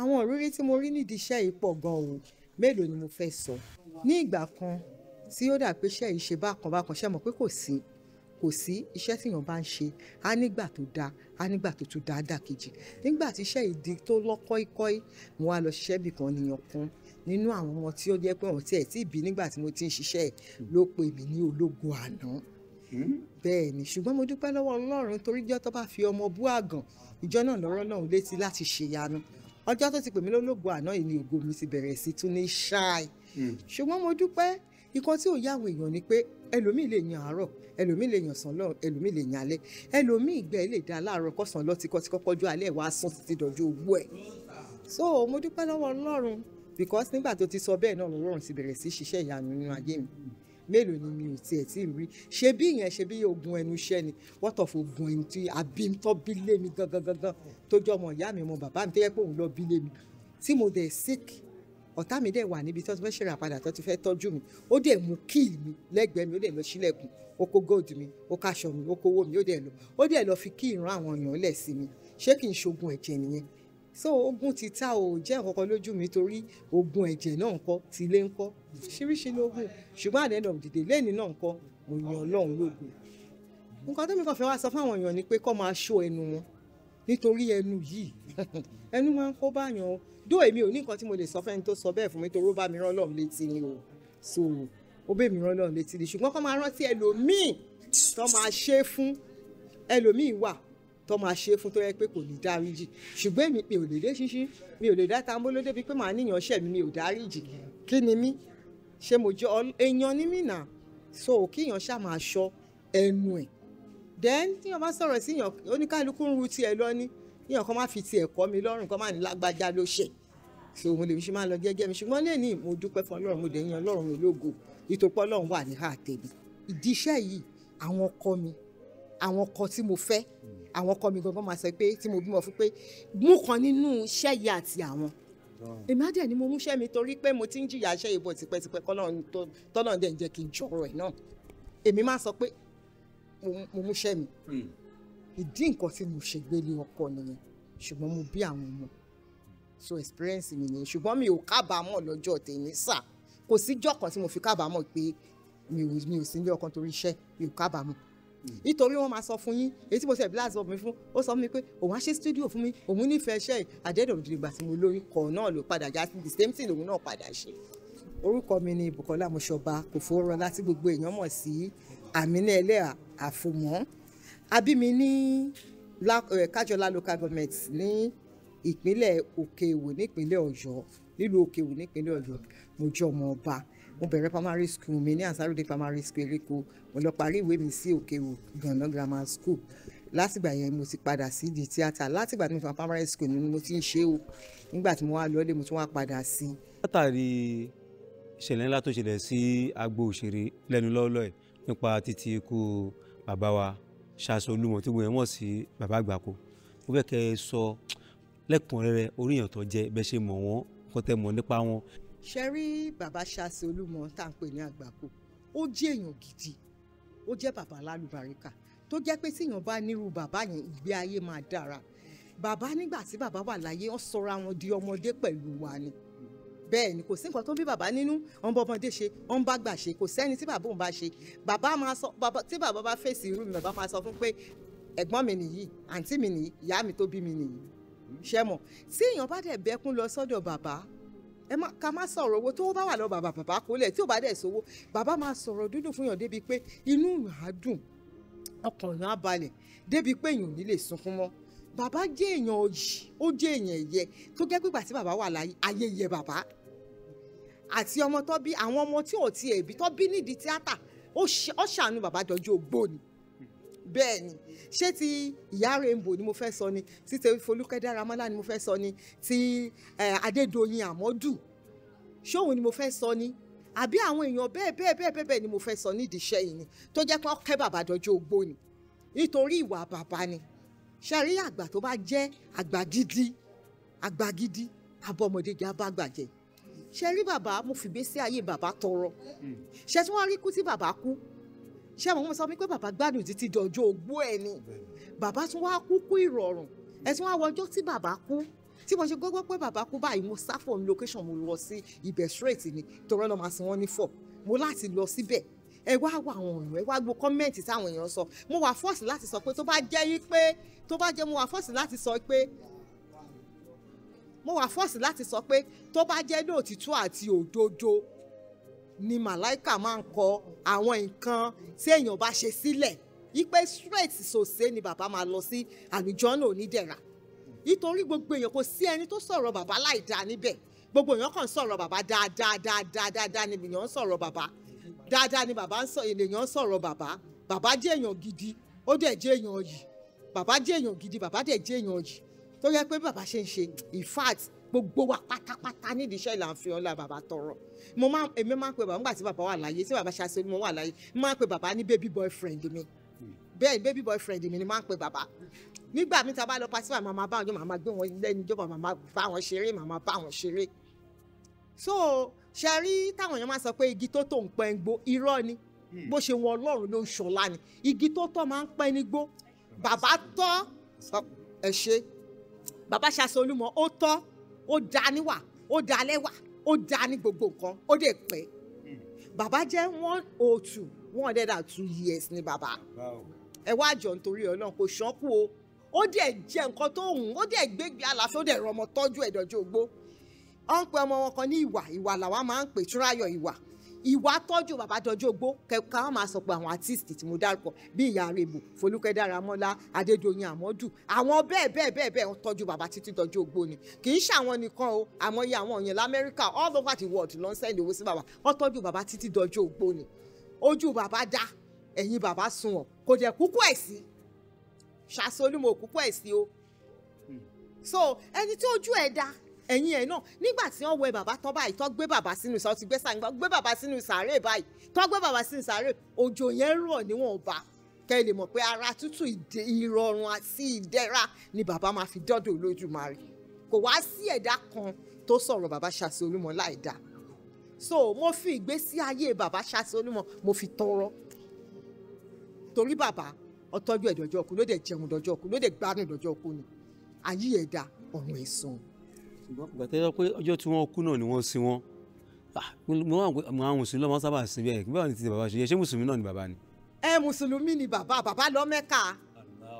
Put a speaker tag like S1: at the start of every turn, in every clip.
S1: àwọn ìrírí tí mo rí nídìí iṣẹ́ yìí pọ̀ gan o mélòó ni mo fẹ́ sọ ní ìgbà kan tí ó dà pé iṣẹ́ yìí ṣe bákan bákan ṣe mọ̀ pé kò sí kò sí iṣẹ́ tíyàn bá ń ṣe á nígbà tó dáa á nígbà tó tún dáa dà kejì nígbà tí iṣẹ́ yìí di tó lọ́kọ́íkọ́í mo wá lọ ṣiṣẹ́ bì kan nìyàn kan nínú àwọn ọmọ tí ó jẹ́ pé wọ́n tiẹ̀ tí ì bí nígbà tí mo ti ń ṣiṣẹ́ ló pè mí ní ológo àná bẹ́ẹ̀ ni ṣùgbọ́n mo dúpẹ́ lọ́wọ́ Ọlọ́run torí jọ́ bá fi ọmọ bú àgàn ìjọ náà lọ́rọ́ náà létí láti ṣèyanu ọjọ́ tó ti pè mí lólógbò àná yìí ni ògo mi ti bẹ̀rẹ̀ sí tún ní ṣáì hmm. ṣùgbọ́n mo dúpẹ́ nǹkan tí ò yá àwọn èèyàn ni pé ẹlòmíì lè yan àárọ̀ ẹlòmíì lè yan sànlọ ẹlòmíì lè yan alẹ́ ẹlòmíì ìgbẹ́ lè da láàárọ̀ kọsàn lọ tí kọtí kọ́kọ́ ju alẹ́ wàá sùn títí dọjú owó ẹ so mo dúpẹ́ lọ́wọ́ Ọlọ́run because nígbà tó ti sọ bẹ́ẹ̀ náà Ọlọ́run ti bẹ̀rẹ̀ sí ṣiṣẹ́ ìyanu nínú ayé mi mélòó ni mi ò tiẹ̀ tí ì rí ṣe bí ìyẹn ṣe bí ogun ẹnu iṣẹ́ ni what of ogun ẹni tí àbí tó bí lé mi gangan gangan tó jọ ọmọ ìyá mi ọmọ bàbá mi tó yẹ pé òun lọ bí lé mi tí mo dẹ̀ sick ọ̀tá mi dẹ̀ wà níbi tó ti fẹ́ ṣèrà padà tó ti fẹ́ tọ́jú mi ó dẹ̀ mú kíì mi lẹ́gbẹ̀ẹ́ mi ó dẹ̀ lọ sílẹ̀kùn ó kó gold mi ó káṣọ mi ó kówó mi ó dẹ̀ lọ ó dẹ̀ lọ fi kíì rán àwọn èèyàn lẹ̀ sí mi ṣé kì í ṣogun ẹ̀jẹ̀ nìyẹn so ogun títa ò jẹ́ nǹkan kan lójú mi torí ogun ẹ̀jẹ̀ náà ńkọ́ tilé ńkọ́ ṣíríṣi lógún ṣùgbọ́n at the end of the day lẹ́ni náà ńkọ́ mo yan ọlọ́run lógun nǹkan tẹ́mi kan fẹ́ wá sọ fáwọn èèyàn ni pé kọ́ máa ṣọ́ ẹnu wọn nítorí ẹnu yìí ẹnu máa ń kó báyàn o dó èmi ò ní nǹkan tí mo lè sọ fẹ́ni tó sọ bẹ́ẹ̀ fún mi torí ó bá mi rán lọ́run létí ni o so ó bẹ́ẹ̀ mi rán lọ́run létí ni ṣùgbọ́n kọ́ máa rántí ẹlòmíì tó máa ṣe fún ẹlòmíì wà tó máa ṣe fún tó yẹ pé kò ní dáríjì ṣùgbọ́n èmi mi ò lè dé ṣíṣí mi ò lè dá tambóló débi pé màá níyàn ṣẹ̀ mi mi ò dáríjì kí ni mí ṣé mo jọ èèyàn ní mí nà so kíyàn ṣáà máa ṣọ́ ẹnu ẹ̀ then tíyàn bá sọ̀rọ̀ síyàn oníkálukú ń ru tiẹ̀ lọ ní yíyàn kan má fi tiẹ̀ kọ́ mi lọ́rùn kan má ní lágbájá ló ṣe so òun lèmi ṣe máa lọ gẹ́gẹ́ mi ṣùgbọ́n lẹ́ni mo dúpẹ́ fún ọlọ́run mo dẹ̀ yan ọlọ́run ológo ìtòpọ̀ ọlọ́run wà ní àtẹ̀bí ìdí iṣẹ́ yìí àwọn ọkọ mi àwọn ọkọ tí mo fẹ́ àwọn ọkọ mi gangan máa sọ pé tí mo bímọ fún pé mú kan nínú iṣẹ́ yìí àti àwọn èmi á dẹ̀ ni mo múṣẹ́ mi torí pé mo ti ń jìyà iṣẹ́ ìbò tipẹ́tipẹ́ tọ́nà dẹ̀ ń jẹ́ kí n jọ̀rọ̀ ẹ̀ náà èmi máa sọ pé mo múṣẹ́ mi hmm. ìdí nǹkan tí mo ṣe gbélé ọkọ nìyẹn ṣùgbọ́n mo bí àwọn ọmọ so experience mi nìyẹn ṣùgbọ́n mi ò kábàámọ̀ lọ́jọ́ tèmi sà kò síjọ́ kan tí mo fi kábàámọ̀ pé mi ò sí ilé ọkàn torí iṣẹ́ mi ò kábàámọ̀ nítorí wọ́n máa sọ fún yín èyí tí mo ṣe blast bob mi fún ó sọ mi pé òun á ṣe studio fún mi òun nífẹ̀ẹ́ iṣẹ́ yìí àjẹ́dọ̀ ìdìgbà tí mo lórí kọ̀ náà ló padà já sí the same thing òun náà padà ṣe. orúkọ mi ni Bùkọ́lá Mọ́ṣọ́bà kò fọwọ́rọ́ láti gbogbo èèyàn mọ̀ sí Àmínà Ẹlẹ́hà Àfòmọ́ abími ní eh, Kájọlá local government ní ìpínlẹ̀ Òkèèwò nípínlẹ̀ Ọ̀yọ́ nílùú Òkèèwò nípínlẹ̀ Ọ̀yọ́ mo jẹ́ ọmọ ọba mo bẹ̀rẹ̀ primary school mi ní Ansarudé primary school Èkó mo lọ parí ìwé mi sí Òkèrò Gànà grammar school látìgbà yẹn mo ti padà sí di tíátà látìgbà tí mo fi wá primary school ni mo ti ń ṣe o nígbà tí mo wá lọ́lé mo tún wá padà sí.
S2: látàrí ìṣẹ̀lẹ̀ ńlá tó ṣẹlẹ̀ sí agbo òṣèré lẹ́nu lọ́ọ́lọ́ ẹ̀ nípa títí ikú bàbá wa Ṣàṣọ Olúmọ tí gbogbo ẹ̀ wọ̀n sí bàbá Àgbàkò mo fẹ́ kẹ́ ẹ sọ lẹ́kùnrẹ́rẹ́ oríyàn tó jẹ́ bẹ́ẹ̀ ṣe mọ̀ wọ́n kọ́tẹ́ mọ̀ nípa wọn
S1: ṣe rí bàbá ṣáṣe olúmọ tá à ń pè ní àgbàkó ó jẹ́ èèyàn gidi ó jẹ́ bàbá lálùbáríkà tó jẹ́ pé tíyàn bá nírú bàbá yẹn ìgbé ayé máa dára bàbá nígbà tí bàbá wà láyé wọ́n sọra wọn di ọmọdé pẹ̀lú wa ni bẹ́ẹ̀ ni kò sí nǹkan tó ń bí bàbá nínú ọ̀n bọ́ ọmọdé ṣe ọ̀n bá gbà ṣe kò sẹ́ni tí bàbá òun bá ṣe bàbá máa sọ bàbá tí bàbá bá fèsì irú mi bàbá máa sọ fún pé ẹ̀gbọ́n mi nìyí àǹtí mi nìyí ìyá mi tó bí mi nìyí ṣẹ́ mọ̀ tí bá dẹ̀ bẹ́kún lọ sọ́dọ̀ bàbá ẹ má ká má sọ̀rọ̀ owó tó bá wà lọ bàbá bàbá kò lẹ̀ tí ò bá dẹ̀ sówó bàbá máa sọ̀rọ̀ dúdú fún yàn débi pé inú yàn á dùn ọkàn yàn á balẹ̀ débi pé èèyàn ò ní lè sunkún mọ́ bàbá jẹ́ èèyàn òyì ó jẹ́ èèyàn ẹ̀yẹ tó jẹ́ pípa tí bàbá wà láyé ayé bàbá àti ọmọ tó bí àwọn ọmọ tí ò tiẹ̀ bí tó bí nídìí tíátà ó ṣàánú bàbá jọjọ́ ògbóni bẹ́ẹ̀ ni ṣé ti ìyá rainbow ni mo fẹ́ sọ ni ti tẹ Folúkẹ́ Dáramọ́lá ni mo fẹ́ sọ ni ti Adédoyin Àmọ́dù ṣóun ni mo fẹ́ sọ ni àbí àwọn èèyàn bẹ́ẹ̀ bẹ́ẹ̀ bẹ́ẹ̀ bẹ́ẹ̀ ni mo fẹ́ sọ nídìí iṣẹ́ yìí ni tó jẹ́ pé ọkẹ́ bàbá dọjọ́ ogbó ni nítorí ìwà bàbá ni ṣàrí àgbà tó bá jẹ́ àgbà gidi àgbà gidi abọ́mọdéjà bá gbàjẹ́ ṣe rí bàbá mo fìgbésí ayé bàbá tọrọ ṣe tí wọ́n rí kú tí bàbá kú ṣé àwọn ọmọ sọ mi pé bàbá gbádùn títí dọjọ́ ogbó ẹ̀ ni bàbá tún wá kú kú ìrọ̀rùn ẹ tún wá wọjọ́ tí bàbá kú tí mo ṣe gbọ́ pé bàbá kú báyìí mo sá fọ̀ ní location mo lọ sí ibẹ̀ straight ni torí ọlọ́mọ àti wọn ní fọ̀ mo láti lọ síbẹ̀ ẹ wá wọ àwọn èèyàn ẹ wá gbọ́ kọ́mẹ́ǹtì táwọn èèyàn sọ mo wà fọ́ọ̀sì láti sọ pé tó bá jẹ́ yí pé tó bá jẹ́ mo wà fọ́ọ̀sì láti sọ pé mo wà fọ́ọ̀sì láti sọ pé tó bá jẹ́ lóòtítọ́ àti òdodo ni màláìkà máa ń kọ àwọn nǹkan tí èèyàn bá ṣe sílẹ̀ ipe straight sòsé ni bàbá máa lọ sí àlùjọ́nà onídẹ̀ra nítorí gbogbo èèyàn kò sí ẹni tó sọ̀rọ̀ bàbá láì dáa níbẹ̀ gbogbo èèyàn kàn sọ̀rọ̀ bàbá dáadáa dáadáa dáadáa ni èèyàn ń sọ̀rọ̀ bàbá dáadáa ni bàbá ń sọ èèyàn ń sọ̀rọ̀ bàbá bàbá jẹ́ èèyàn gidi ó dẹ̀ jẹ́ èèyàn yìí bàbá jẹ́ èèyàn gidi bàbá dẹ̀ jẹ́ èèyàn yìí tó yẹ pé bàbá ṣe ń ṣe in fact gbogbo wa pátápátá nídìí iṣẹ́ ìlànà fi hàn la bàbá tọrọ mo máa èmi máa ń pe bàbá nígbà tí bàbá wà láyé tí bàbá ṣaṣe mo wà láyé máa ń pe bàbá ní baby boyfriend mi bẹ́ẹ̀ baby boyfriend mi ni máa ń pe bàbá nígbà mi ta bá lọ pàṣípà màmá bá wọn jó màmá gbé wọn lẹ́nu jó màmá bá wọn ṣeré màmá bá wọn ṣeré so ṣe rí táwọn èèyàn máa sọ pé igi tó tó ń pẹ́ ń gbó irọ́ ni bó ṣe wọn ọlọ́run ló ń ṣọlá ni igi tó tọ́ máa ń pẹ́ nígbó bàbá tọ́ ẹ ṣe bàbá ṣaṣolúmọ ó tọ́ ó dáa níwà ó dáa lẹ́wà ó dáa ní gbogbo nǹkan ó dẹ̀ pẹ́ bàbá jẹ́ one oh two one hundred and two years ni bàbá ẹ wá jọ nítorí ọ náà kò ṣánkú o ó dẹ̀ jẹ nǹkan tó hùn ó dẹ̀ gbégbé àlàáfíà ó dẹ̀ rọmọ tọ́jú ẹ̀dọ̀jọ́ ògbó ọ̀n pẹ ọmọ wọn kan ní ìwà ìwà làwa máa ń pè túráyọ̀ ìwà ìwà tọ́jú bàbá dọjọ́ gbó káwọn máa sọ pé àwọn artiste tí mo dárúkọ bí ìyá rèbù folúkẹ́ dáramọ́lá adédoyin àmọ́dù àwọn bẹ́ẹ̀ bẹ́ẹ̀ bẹ́ẹ̀ bẹ́ẹ̀ ń tọ́jú bàbá títí dọjọ́ gbó ni kì í ṣàwọn nìkan o àmọ́ iye àwọn èèyàn lamẹ́ríkà all over the world ló ń sẹ́ndì owó sí bàbá wọ́n tọ́jú bàbá títí dọjọ́ gbó ni ojú bàbá dá ẹ̀yìn bàbá sunwọ̀n kò dẹ̀ kúkú ẹ̀ sí ṣàṣolúmọ̀ kúkú ẹ̀ sí o so ẹni tí ojú ẹ̀ dá ẹ̀yìn ẹ̀ náà nígbà tí wọ́n wẹ bàbá tán báyìí tó gbé bàbá sínú sàárè ti gbé sàǹgbà gbé bàbá sínú sàárè báyìí tó gbé bàbá sínú sàárè òjò yẹn rọ̀ níwọ̀n bá kẹ́ ẹ lè mọ̀ pé ara tútù ìrọ̀rùn àti ìdẹ̀ra ni bàbá máa fi dọ́dọ̀ Olódùmarè kò wá sí ẹ̀dá kan tó sọ̀rọ̀ bàbá Ṣàṣì Olúmọ láì so mo fi ìgbésí ayé bàbá Ṣàṣì Olúmọ mo fi tọrọ torí bàbá ọtọ́jú ẹ̀dọ̀jọ́ kú ló dẹ̀ jẹun dọ̀jọ́ kú ló dẹ̀ gbádùn dọ̀jọ́ kú ni ayé ẹ̀dá ọ̀run ẹ̀sùn ṣùgbọ́n
S2: ìgbà tẹ́lẹ̀ pé ọjọ́ tí wọ́n kú náà ni wọ́n sin wọn ah, mo àwọn mùsùlùmí lọ́mọ sábà sí bẹ́ẹ̀ báwo ni ti bàbá ṣe yẹ ṣé mùsùlùmí náà ni bàbá ni.
S1: ẹ mùsùlùmí ni bàbá bàbá lọ Mẹ́kà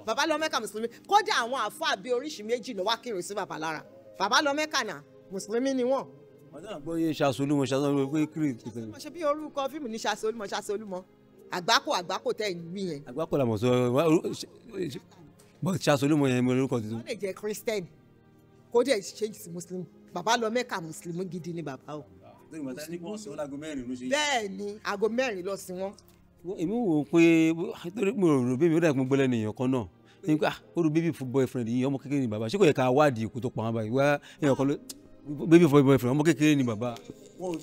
S1: bàbá lọ Mẹ́kà mùsùlùmí kódà àwọn àfáà bíi oríṣi méjì ló wá kírun sí bàbá lára bàbá lọ Mẹ́kà náà mùsùlùmí ni wọ́n. ọjọ́
S2: àgbọ̀ yé ṣàṣolúmọ ṣàṣolúmọ
S1: pé kírì kó dẹ̀ sí muslim bàbá lọ mẹ́ka muslim gidi ni bàbá o. lórí ni aago mẹ́rin lọ sí wọn.
S2: èmi wò pé torí mo rò bí mi ó dà gbogbo lẹ́nu èèyàn náà ní pé ah, ó rò bébí fún boyfriend yìí ọmọ kékeré ni bàbá ṣé kò yẹ ká wádìí kó tó pa wọn báyìí wá èèyàn ló bébí fún boyfriend ọmọ kékeré ni bàbá.
S1: wọn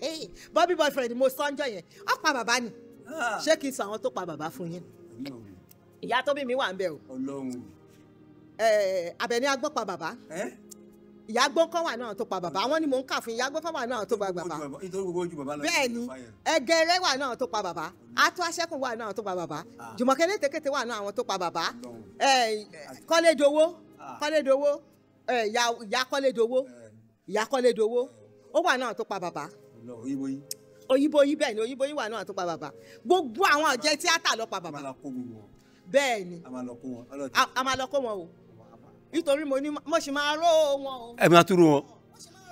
S1: bobby boyfriend mo sọ́njọ́ yẹn ó pa bàbá ni ah. ṣé kí n sọ àwọn tó pa bàbá fún yín ìyá tó bí mi wà ń bẹ o. ọlọ́run Àbẹ̀ní eh, agbọ́n pa bàbá eh? ìyá agbọ́n kan wà náà tó pa bàbá àwọn ni mò ń kà fún ìyá agbọ́n kan wà náà tó pa bàbá bẹ́ẹ̀ ni ẹgẹrẹ wà náà tó pa bàbá atọ́ aṣẹ́kùn wà náà tó pa bàbá ah. Jùmọ̀kẹ́ létekete wà náà àwọn tó pa bàbá kọ́lédowó eh, kọ́lédowó ah. ìyá kọ́lédowó ìyá kọ́lédowó ó wà náà tó pa bàbá òyìnbó yìí bẹ́ẹ̀ ni òyìnbó yìí wà náà tó pa bàbá gbogbo àwọn ọ̀jẹ̀ tíátà ló pa bàbá bẹ́ẹ̀ ni a máa lọ kó wọn o nítorí mo ní mo sì máa ró wọn o.
S2: ẹ máa túrú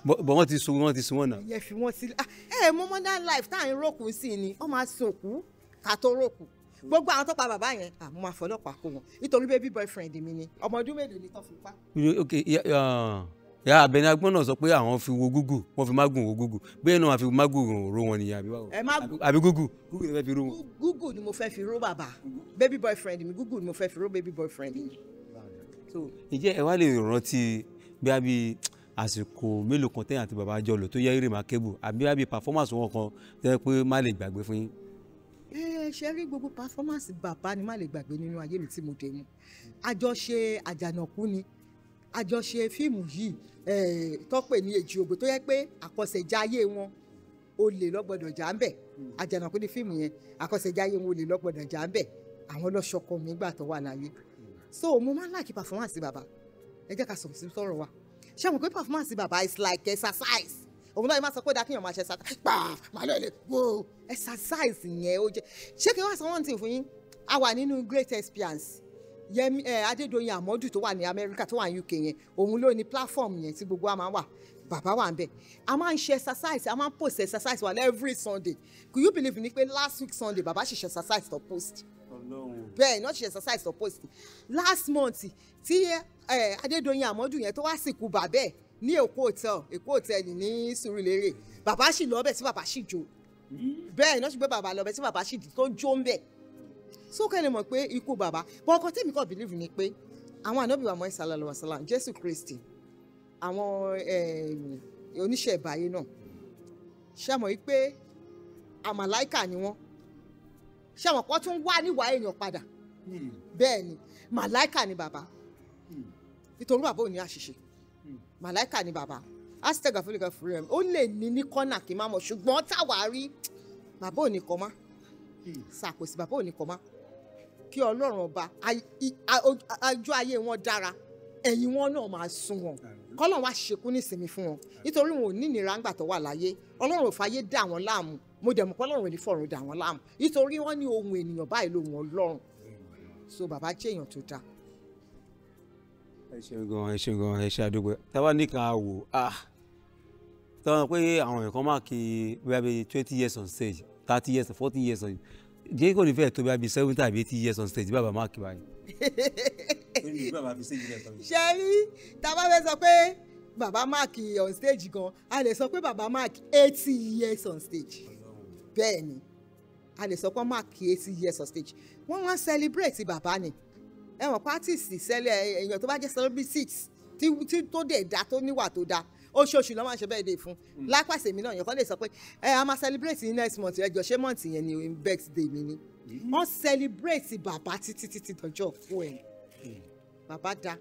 S2: wọn bọ wọn ti sun wọn ti sun wọn náà.
S1: yẹ fi wọn sílẹ̀ ah, ẹ mọ modern life tá à ń rókù sí ni wọn máa sun òkú ká tó rókù gbogbo àwọn tó pa bàbá yẹn àmọ́ ah, máa fọlọ́pàá kó wọn nítorí baby boyfriend mi ni ọmọ ọdún mélòó ni tó fi pa.
S2: ok ya abẹni agbọn náà sọ pé àwọn fi wo gúgù wọn fi mágùn wo gúgù bẹ́ẹ̀ náà wọn fi mágùn ro wọn nìyẹn àbí báwo àbí gúgù
S1: gúgù ni mo fẹ́ fi ro wọn. gúgù ni mo fẹ́ fi ro bàbá baby boyfriend mi gúgù ni mo fẹ́ fi ro baby boyfriend mi so
S2: ǹjẹ́ ẹ wá lè rántí bí a bí àsìkò mélòó kan tẹ́yìn àti bàbá jọ lò tó yẹ irremarkable àbí a bí performance wọn kan tẹ́ pé má lè gbàgbé fún yín.
S1: ẹ ṣe rí gbogbo performance bàbá ni má lè gbàgbé nínú ayé mi tí mo dé mu àjọṣe àjànàkú ni àjọṣe fíìmù yìí tọ́pẹ̀ ní èjì ògbó tó yẹ pé àkọsẹ̀já ayé wọn olè lọ́gbọ́dọ̀ jà ń bẹ̀ àjànàkú ni fíìmù yẹn àkọsẹ̀já ayé wọn olè lọ́gbọ́dọ̀ jà ń bẹ̀ àwọn lọ́sọkọ mi gbà tó wà láyé so mo máa ń like performance bàbá ẹ jẹ́ ká sọ̀rọ̀ sí sọ̀rọ̀ wa ṣé àwọn pé performance bàbá is like exercise òun náà yìí máa sọ pé dáa kíyàn máa ṣe ṣáta pa màálù ẹ̀ wo exercise yẹn ó jẹ ṣé kí wọ́n sọ wọ́n ti fún yín a wà nínú great experience yẹmi ẹ eh, adédoyin amọdù tó wà ní amẹ́ríkà tó wà ní uk yẹn òun ló ní platform yẹn tí gbogbo wa máa wà bàbá wa ń bẹ a máa ń ṣe exercise a máa ń post exercise wa every sunday could you believe me? pé last week sunday bàbá ṣe ṣe exercise to post bẹ́ẹ̀ náà ṣe exercise suppose last month tí Adédoyin Amọ́dù yẹn tó wá sìnkú bàbẹ́ ẹ̀ ní Èkó hotel Èkó hotel ní Sùúrùlérè bàbá sì lọ ọbẹ̀ tí bàbá sì jó bẹ́ẹ̀ náà sì gbé bàbá lọ ọbẹ̀ tí bàbá sì tó jó ń bẹ̀ sókè lè mọ̀ pé ikú bàbá bọ́ tèmi kàn believe ni pé àwọn ànábìwà mọ́ ìsàlẹ̀ lọ́wọ́ sàlám Jésù Kristi àwọn oníṣẹ́ ìbáyé náà ṣe mọ̀ wípé àmàláìkà ni wọ́n ṣàwọn kan tún wá níwàá èèyàn padà hmm. bẹ́ẹ̀ ni màláìkà ni bàbá hmm. nítorí bàbá ò ní àṣìṣe hmm. màláìkà ni bàbá astega fúlikà fúlẹ̀ ó lè ní ní kọ́nà kí n má mọ̀ ṣùgbọ́n táwa rí bàbá ò ní kọ́ má ṣàkóso bàbá ò ní kọ́ má kí ọlọ́run ọba ọjọ́ ayé wọn dára ẹ̀yìn wọn náà máa sún wọn kọ́lọ́n wá ṣekú nísìmí fún wọn nítorí wọn ò ní ìnira ńgbà tó wà láyé ọlọ́run fàyè dà wọ́n láàmú mo dẹ̀ mọ̀ pé ọlọ́run ní fọ̀run dà wọ́n láàmú nítorí wọ́n ní ohun ènìyàn báyìí lòun ọlọ́run so bàbá jẹ́ èèyàn tó dáa. ẹ
S2: ṣeun gan ẹ ṣeun gan ẹ ṣe àdúgbò táwa nìkan wò ah táwọn pé àwọn èèyàn kan máa kí bóyá bíi twenty years on stage thirty years forty years on jẹ́ kò ní fẹ́ tó bíi seventy àbí eighty years on stage bàbá máa kí báyìí. ṣe
S1: rí tá a bá fẹ́ sọ pé baba mark on stage gan a lè sọ pé baba mark eighty years on stage bẹ́ẹ̀ ni a lè sọ pé mark eighty years on stage wọ́n wá celebrate baba ni ẹ̀wọ̀n pátìsì sẹ́lẹ̀ èèyàn tó bá jẹ́ celebrity tí tó dẹ̀ da tó níwà tó da oṣooṣù ló máa ń ṣe bẹ́ẹ̀ dé fún hmm. lápàṣẹ mi náà yẹn kọ́ lè sọ pé ẹ a máa celebrate ní next month ẹ jọ ṣé month yẹn ni birthday mi ni hmm. wọ́n celebrate bàbá títí títí dọjọ́ fún ẹ Baba da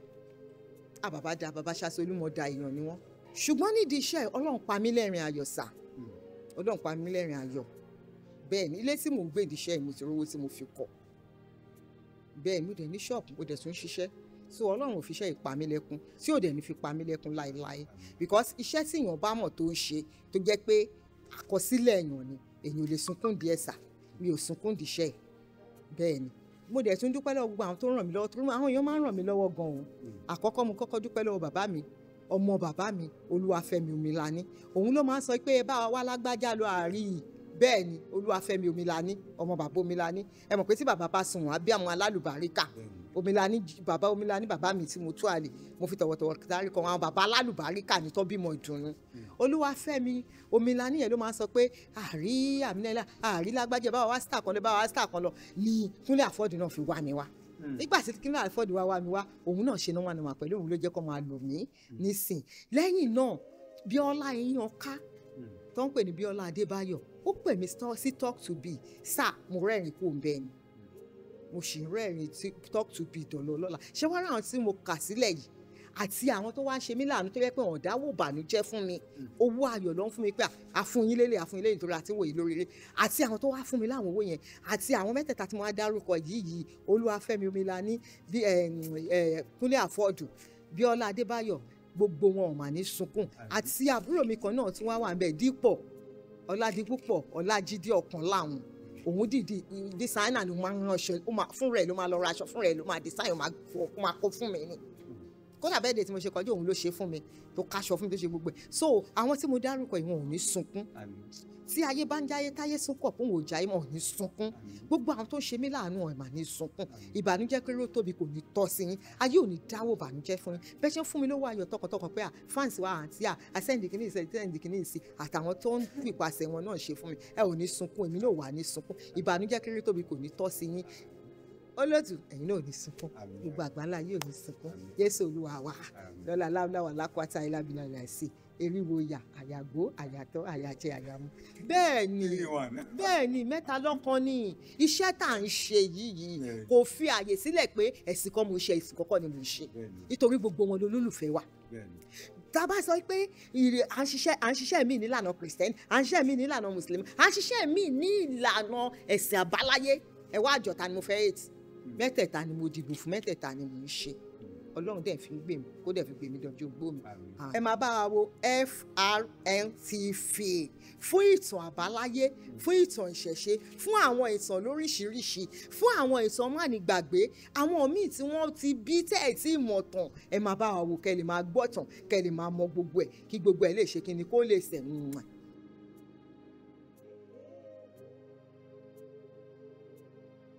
S1: àbàbà dá àbàbà ṣáṣe olúmọ dá èèyàn ni wọ́n ṣùgbọ́n nídìí iṣẹ́ ọlọ́run pa mí lẹ́rìn ayọ̀ sà hmm. ọlọ́run pa mí lẹ́rìn ayọ̀ bẹ́ẹ̀ ni ilé tí mò ń gbé ìdíṣẹ́ yìí ti rówó tí mo fi kọ́ bẹ́ẹ̀ mi ò dẹ̀ ní ṣọ́ọ̀bù mo dẹ̀ tún ń ṣiṣẹ́ so ọlọ́run ò fi iṣẹ́ ìpamílẹ́kún tí ò dẹ̀ ní fi pamílẹ́kún láéláé because iṣẹ́ tí èèyàn bá mọ̀ tó ń ṣe tó jẹ́ pé àkọsílẹ̀ èèyàn ni èèyàn ò lè sunkún díẹ̀ sà mi ò sunkún díṣẹ́ bẹ́ẹ̀ ni mo dẹ̀ tún dúpẹ́ lọ́wọ́ gbogbo àwọn tó ràn mí lọ́wọ́ torí àwọn èèyàn máa ń ràn mí lọ́wọ́ gan-an hmm. àkọ́kọ́ mo kọ́kọ́ dúpẹ́ lọ́wọ́ bàbá mi ọmọ bàbá mi olúwàfẹ́mi omilani òun ló máa ń sọ pé ẹ bá wa lágbájá lọ àárí yìí bẹ́ẹ̀ ni olúwàfẹ́mi omilani ọmọ bàbá omilani ẹ mọ̀ pé tí bàbá bá sùn wọn á bí àwọn alálùbáríkà omila ní bàbá omila ní bàbá mi tí mo tú àlè mo fi tọ̀wọ̀tọ̀wọ̀ dárí kan àwọn bàbá alálùbáríkà hmm. ní tọ́bímọ ìdùnnú olúwafẹ́mi omila níyẹn ló máa ń sọ pé àrí àmìlẹ́lá àrí lágbájẹ́ báwa wá sítà kan lọ báwa wá sítà kan lọ ni kúnlẹ̀ àfọ́dù náà fi wá mi wá hmm. nígbà tí kúnlẹ̀ àfọ́dù wá wá mi wá òun náà ṣe náà wà pẹ̀lú òun ló jẹ́ kó máa lò mí hmm. nísìn lẹ́yìn náà bíọ́lá eyín ọká tó ń pè ní bíọ́lá adébáyọ̀ ó pè mí sí talk to be sir mo rẹ́rìn-ín kú òun bẹ́ẹ̀ ni mo sì ń rẹ́rìn talk to peter lọ́la ṣé wàá ráhùn tí mo kà sílẹ̀ yìí àti àwọn tó wá ń ṣe mí láàánú tó yẹ pé ọ̀dà wò bànújẹ́ fún mi hmm. owó ayọ̀ ló ń fún mi pé àfúnyín lélẹ̀ àfúnyín lélẹ̀ nítorí àti wòye lórí rẹ̀ àti àwọn tó wá fún mi láwọn owó yẹn àti àwọn mẹ́tẹ̀ẹ̀ta tí mo wá dárúkọ yìí yìí olúwafẹ́mi omilani eh, mm, eh, kúnlé àfọ́dù bíọ́lá adébáyọ̀ gbogbo wọn ò mà ní sunkún àti àbúrò mi kan náà tí wọ́n wà ń bẹ̀ dípọ̀ ọládipúpọ̀ ọlájídé ọ̀kan láwọn òun dìdì dísáínà ni ó máa ń ránṣọ fún rẹ̀ ló máa lọ raṣọ fún rẹ̀ ló máa dísáìn ó máa kó fún mi ni kódà bẹ́ẹ̀ de tí mo ṣe kọjú òun ló ṣe fún mi tó kaṣọ fún mi tó ṣe gbogbo ẹ̀ so àwọn tí mo dárúkọ ìwọ̀n ò ní sunkún tí ayé bá ń jáyé táyé sunkún ọ̀pọ̀ òun ò jáyé mọ̀ ò ní sunkún gbogbo àwọn tó ń ṣe mí láàánú ẹ̀ mà ní sunkún ìbànújẹ́ pé ló tóbi kò ní tọ́ sí yín ayé ò ní dáwọ́ ìbànújẹ́ fún yín bẹ́ẹ̀ ṣe ń fún mi lówó ayọ̀ tọkàntọkàn pé fáǹsì wa àǹtí à àsẹ́ǹdì kìíní ìsẹ́ǹdì àtàwọn tó ń pìpàṣẹ wọn náà ṣe fún mi ẹ ò ní sunkún èmi náà wà ní sunkún ìbànújẹ́ kéré tóbi kò ní tọ́ sí yín olóòtú ẹ̀yin náà ò ní sunkún gbogbo àgbáńlá yìí ò ní sunkún Jésù Olúwa wa lọ́la láwùláwà lákọ́tà ìlàbìlà àìsí eriwo yà àyàgbó àyàtọ̀ àyàjẹ àyàmú. bẹ́ẹ̀ ni bẹ́ẹ̀ ni mẹ́ta lọ́kàn ni iṣẹ́ tá à ń ṣe yìí yìí kò fi àyè sílẹ̀ pé ẹ̀sìn kan mo ṣe ẹ̀sìn kọ́kọ́ ni mo ṣe nítorí gbogbo wọn lolólùfẹ́ wa tá a bá sọ pé ìrè à ń ṣiṣẹ́ à ń ṣiṣẹ́ míì nílànà Christian à ń ṣiṣẹ́ míì nílànà Muslim à ń ṣiṣẹ́ míì ní ìlànà ẹ̀sìn àbáláyé ẹ̀ wá àjọta ni mo fẹ́ ètì mẹ́tẹ̀ẹ̀ta ni mo dìbò fún mẹ́tẹ̀ẹ̀ta ni mo ń ṣe ọlọ́run dẹ̀ fi ń gbè mí kó dẹ̀ fi gbè mí dọ̀jú gbó mi. ẹ máa bá wa wo FRNTV fún ìtàn àbáláyé fún ìtàn ìṣẹ̀ṣe fún àwọn ìtàn lóríṣiríṣi fún àwọn ìtàn mánigbàgbé àwọn míì tí wọ́n ti bí tẹ́ ẹ̀ tí mọ̀ tàn ẹ máa bá wa wo kẹ́ lè máa gbọ́ tàn kẹ́ lè máa mọ gbogbo ẹ̀ kí gbogbo ẹ̀ lè ṣe kí ni kó lè sẹ̀ ń wọ̀n.